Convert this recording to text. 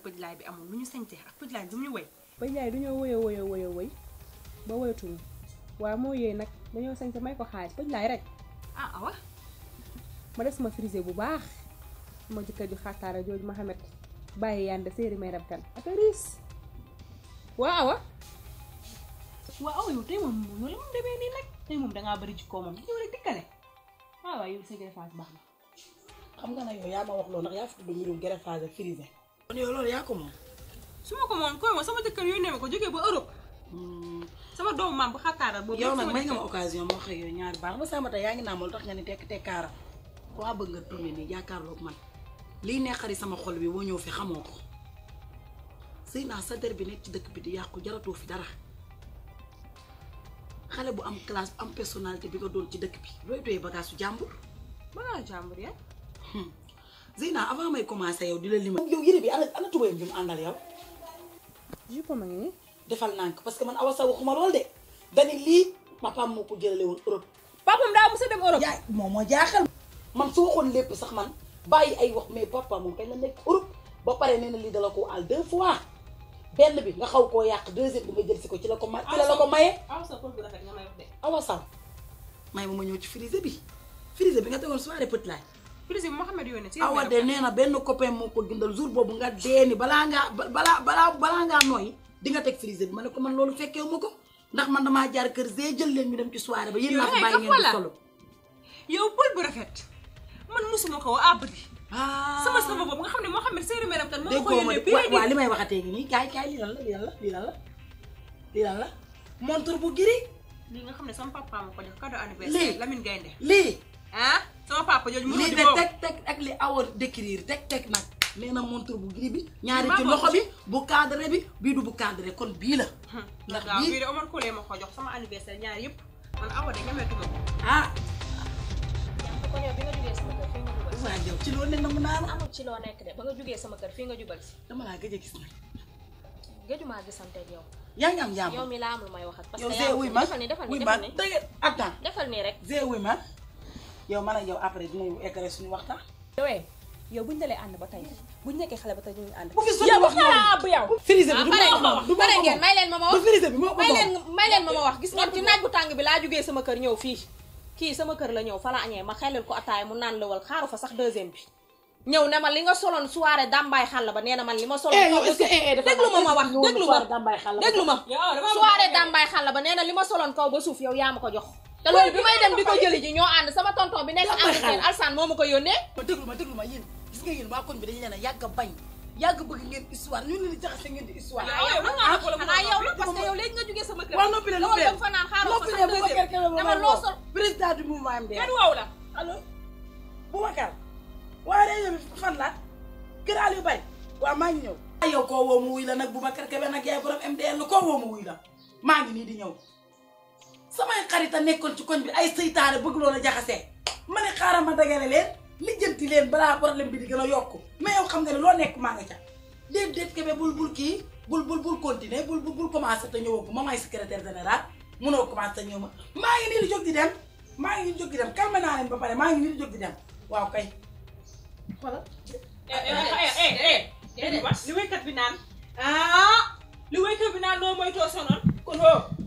ak pëjlaay bi amul lu ñu sañtee ak pëjlaay bi du ñu woy pëjlaay dañoo woy woy woy woy ba woyatuñu waaw moo yooyu nag dañoo sañte may ko rek ah, ah bu baax ma jëkkër ju xaataara jooju Mohamed bàyyi yànde séeri may rab kan ak riis waa awa waa awa nag tey bari jikkoo moom ñëw rek dikkale waaw waaw yow sa greffage baax na xam nga ne yow yaa ma wax loolu ndax yaa fi tudd mbirum greffage ak frisé Ndio lori yako mo. Suma ko mon koy mo sama jëkkër yu neem ko jógee ba Europe. Hmm. Sama doom maam bu xataara ya, boobu. Yow nag may nga ma occasion ma xëy yow ñaar baax ba sama tey yaa ngi naa ma lu sama xol bi woo ñëw fi xamoo ko. Sëy naa sa der bi nekk ci bu am classe am personnalité bi nga doon ci dëkk bi. Looy doyee bagage su ya. Zeyna avant may commencé yow di la lima. yow yére bi ana ana tubayam àndal yow. jupe ma ngi defal nank parce que man awa sa waxuma lool de dani lii papaam moo ko jëlale woon Europe. papaam daa mos a dem Europe. yaay moom moo jaaxal. man su waxoon lépp sax man bàyyi ay wax mais papa moom kay la nekk Europe ba pare nee na lii dala koo àll fois bi nga xaw koo yàq deuxième bi nga jël si ko ci la ko ma ci la ko maye. awa bu rafet nga may wax de. awa sa may ma ma ñëw ci frisé bi frisé bi nga tegoon soirée pët laay. plus Mouhamed yónnee ci awa de nee na benn copain moo ko gindal jour boobu nga dee ni balaa ngaa balaa balaa di nga teg frisé bi ne ko man loolu fekkee ma ko ndax man damaa jaar kër zee jël leen ñu dem ci soirée ba yéen naa ko bàyyi ngeen di solo yow pël bu rafet man musuma ko abri ah. sama sama boobu ne moo ko yónnee bi waaw li may waxatee gi nii kaay kaay lii lan la lii lan la lii lan la lii lii xam ne sama papa ma ko jox cadeau anniversaire Lamine Gaynde lii ah? sama papa jooju mënoo di boobu lii de teg teg ak li awoor décrire teg teg nag nee na montre bu gris bi. ñaari ci loxo bi bu cadré bi bii du bu cadré kon bii la. Hmm, ndax bii bii de Omar Koule ma ko jox sama anniversaire ñaari yëpp man awoor de ñemeetu ma ko. ah. ko ci loo ne nangu naa amul ci loo nekk de ba nga jugee sama kër fii nga jubal si. dama laa gëj a gis nag. gëjuma gisante yow. yaa ngi am jàmm yow mi laa amul may waxat. parce que yow Zé wuy ma wuy ma tey defal nii rek Zé ma yow man a yow après dinañu eggale suñu waxtaan. yowee yow buñu dalee ànd ba tey buñu nekkee xale ba tey ñu ànd. bu fi sotti wax bu yow. Ah, ma ma ma ma ma ma gis ngeen ci naaj bu bi laa jugee sama kër ñëw fii kii sama kër la ñëw fa la añee ma xelal ko ataaya mu naan lawal xaaru fa sax deuxième bi ñëw ne ma li nga soloon soirée dambaay xàll ba nee na man li ma soloon eh, eh, eh, ma ma wax déglu ma déglu ma soirée dambaay xàll ba nee na li ma soloon kaw ba suuf yow yaa ma ko jox te loolu bi may dem di ko jëli sama tonton bi nekk Angleterre Alsane moo ma ko yónnee ma déglu ma déglu ma yéen gis nga yéen waa koñ bi ke leen a yàgg a bañ yàgg bëgg ngeen histoire ñu di jaxase ngeen di histoire yow la nga ko la yow la parce que yow léegi nga jógee sama kër waaw noppi la noppi la fa noppi la Boubacar kenn dama loo sol président du mouvement MDR la allo Boubacar waaye réunion bi fan la gëraal yu di ñëw samay xarit a nekkoon ci koñ bi ay seytaane bëgg a jaxasee ma ne xaaral ma dagale leen lijjanti leen balaa problème bi di gën a yokk mais yow xam nga ne loo nekk maa ngi ca déet déet kebe bul bul kii bul bul bul continuer bul bul bul commencé te ñëwaggu ma may secrétaire général munoo commencé te ñëw ma maa ngi nii di jóg di dem maa ngi nii di jóg di dem calme naa leen ba pare maa ngi nii di jóg di dem waaw kay. voilà. li wéykat bi naan ah li wéykat bi naan noo moytoo